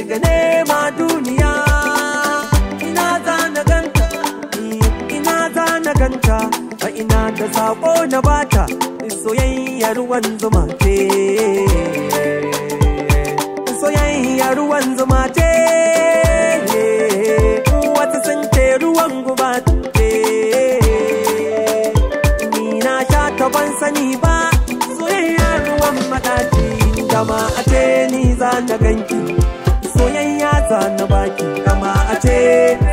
shiga nema duniya ina za na ganta eh, ina za na ganta a ina da sako na bata soyayyar ruwan zuma ce soyayyar ruwan zuma ce eh, wata sun ce ruwan guba ce ni na sha ta ban sani ba soyayyar ruwan madaci dama a ce ni za na ganki sa na baki kama a ce